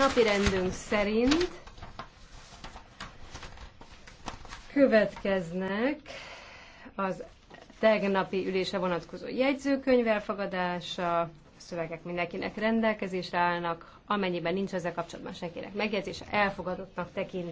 Napi rendünk szerint következnek az tegnapi ülése vonatkozó jegyzőkönyv elfogadása, a szövegek mindenkinek rendelkezésre állnak, amennyiben nincs ezzel kapcsolatban senkinek megjegyzése, elfogadottnak tekint.